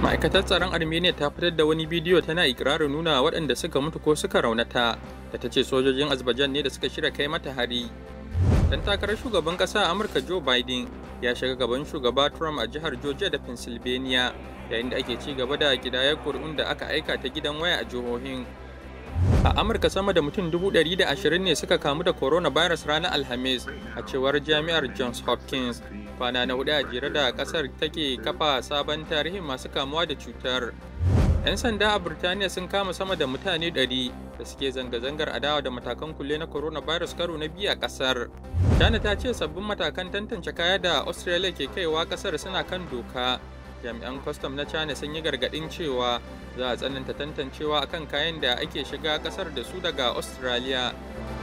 ma'aikatar tsaron armenia ta fitar da wani bidiyo tana ikirarin nuna waɗanda suka mutu ko suka raunata da ta ce sojojin azerbaijan ne da suka shirya kai mata hari dan takarar shugaban ƙasa amurka joe biden ya shiga gaban shugaba trump a jihar georgia da pennsylvania yayin da ake ci gaba da kidayar kuri'un da aka aika ta gidan waya a jihohin a amurka sama da mutum 120 ne suka kamu da coronavirus ranar alhamis a cewar jami'ar johns hopkins kwana na hudu a jere da kasar take kafa sabon tarihin masu kamuwa da cutar 'yan sanda a Burtaniya sun kama sama da mutane ɗari da suke zanga-zangar adawa da matakan kulle na coronavirus karo na biyu a kasar china ta ce sabbin matakan tantance kaya da australia ke kaiwa kasar suna kan doka jami'an kwastam na china sun yi gargaɗin cewa za a tsananta tantancewa akan kayan da ake shiga kasar da su daga australia